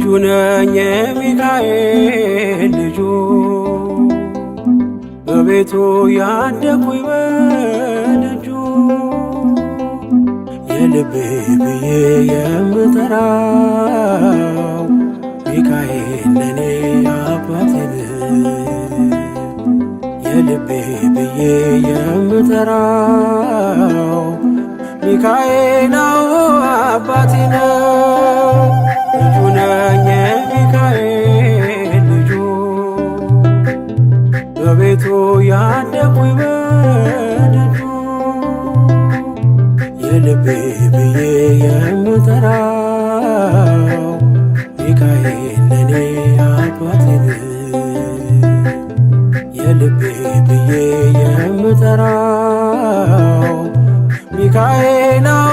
ልጁ ነኝ የሚካኤል ልጁ በቤቱ ያደኩኝ የልቤ ብዬ የምጠራው ሚካኤል ለኔ አባቴ የልቤ ብዬ የምጠራው ሚካኤል ለኔ አባቴን የልቤ ብዬ የምጠራው ሚካኤል ነው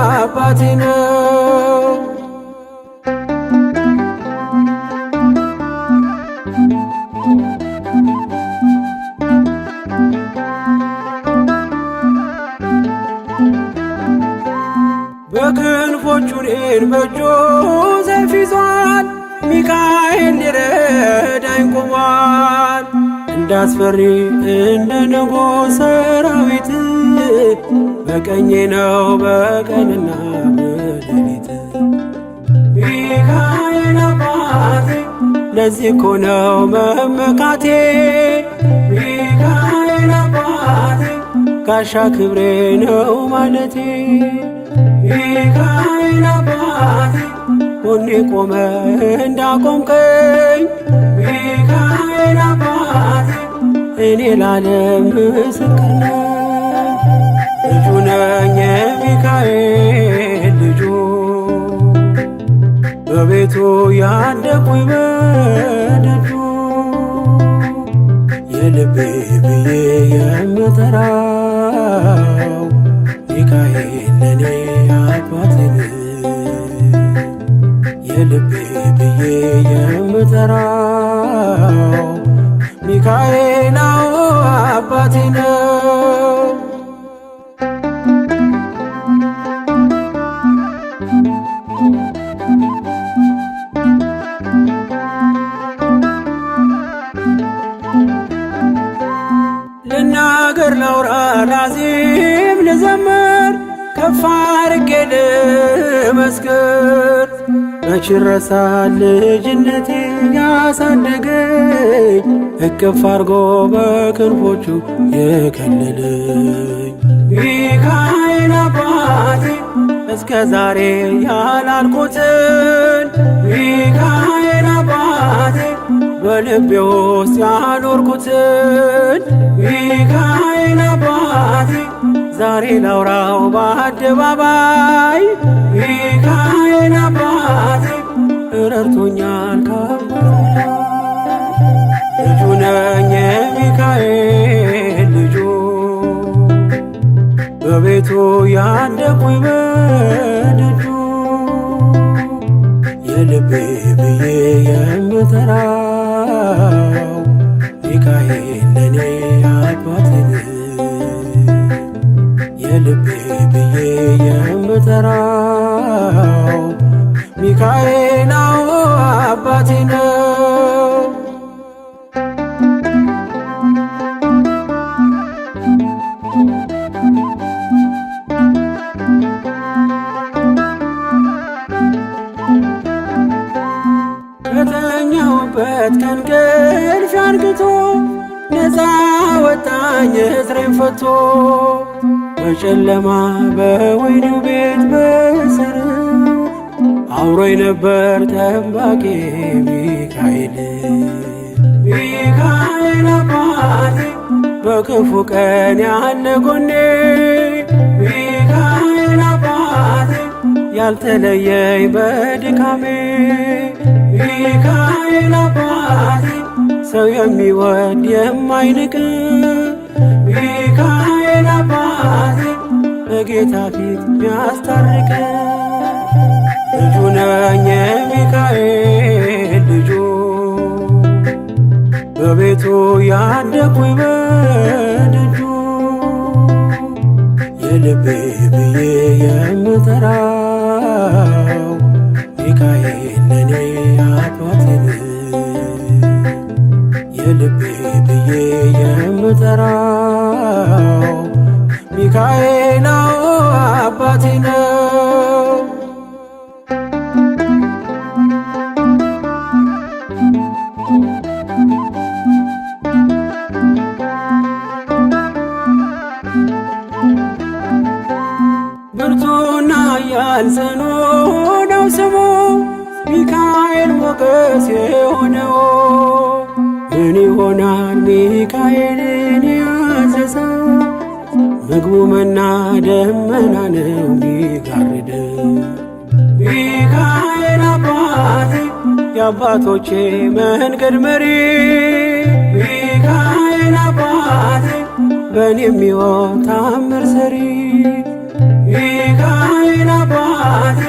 አባቴ ነው። በክንፎቹ ሬን በእጁ ቆሟል። እንዳስፈሪ እንደ ንጉሥ ሰራዊት በቀኜ ነው በቀንና በሌሊት ሚካኤል አባቴ ለዚህ እኮ ነው መመካቴ ሚካኤል አባቴ ጋሻ ክብሬ ነው ማለቴ ሚካኤል አባቴ ሁኔ ቆመ እንዳቆምከኝ ምን ይላል ምስክር ልጁ ነኝ የሚካኤል ልጁ በቤቱ ያደኩኝ በደጁ የልቤ ብዬ የምጠራው ሚካኤል ለኔ አባቴ የልቤ ብዬ የምጠራው አምላካዬ ነው አባቴ ነው። ልናገር ለውራ ላዚም ልዘምር ከፍ አድርጌ ልመስክር መች ረሳል ልጅነቴ ያሳደገኝ እቅፍ አርጎ በክንፎቹ የከለለኝ ሚካኤል አባቴ እስከ ዛሬ ያላልኩትን ሚካኤል አባቴ በልቤ ውስጥ ያኖርኩትን ሚካኤል አባቴ ዛሬ ላውራው በአደባባይ ሚካኤል አባቴ እረርቶኛል ካብ ልጁ ነኝ የሚካኤል ልጁ በቤቱ ያደኩኝ በደጁ የልቤ ብዬ የምጠራው ሚካኤል ለኔ አባቴ የልቤ ብዬ የምጠራው ሚካኤል አባቴ ነው። ከተኛሁበት ቀን እንቅልፍ አንግቶ ነፃ ወጣኝ እስሬን ፈቶ በጨለማ በወይኑ ቤት በእስር አብሮኝ ነበር ጠባቂ ሚካኤል ሚካኤል አባቴ በክፉ ቀን ያለ ጎኔ ሚካኤል አባቴ ያልተለየኝ በድካሜ ሚካኤል አባቴ ሰው የሚወድ የማይንቅ ሚካኤል ቅጣት በጌታ ፊት ያስታርቅ። ልጁ ነኝ የሚካኤል ልጁ በቤቱ ያደኩኝ በደጁ የልቤ ብዬ የምጠራው ሚካኤል ለኔ አባቴ የልቤ ብዬ የምጠራው አምላካዬ ነው አባቴ ነው። ብርቱና ኃያል ነው ስሙ ሚካኤል ሞገስ የሆነው ምን ይሆናል ሚካኤልን ያዘዘው ምግቡ መና ደመና ነው ሚካኤል አባቴ የአባቶቼ መንገድ መሪ ሚካኤል አባቴ በእኔ የሚሆን ታምር ሰሪ ሚካኤል አባቴ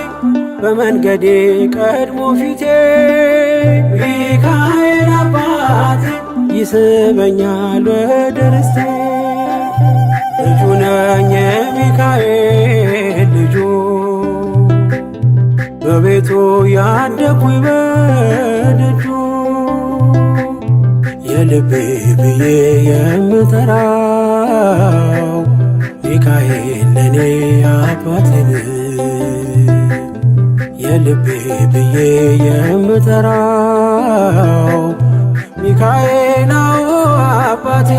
በመንገዴ ቀድሞ ፊቴ ሚካኤል አባቴ ይስበኛል ወደ ርስቴ ልጁ ነኝ የሚካኤል ልጁ በቤቱ ያደኩኝ በደጁ የልቤ ብዬ የምጠራው ሚካኤል ለኔ አባቴ የልቤ ብዬ የምጠራው ሚካኤል ነው አባቴ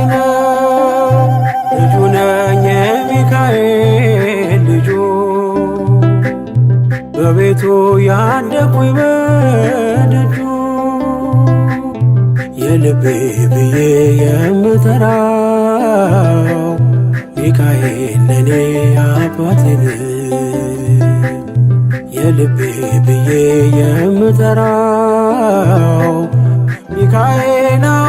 ያደኩኝ በደጁ የልቤ ብዬ የምጠራው ሚካኤል የልቤ ብዬ የምጠራው ሚካኤል ነው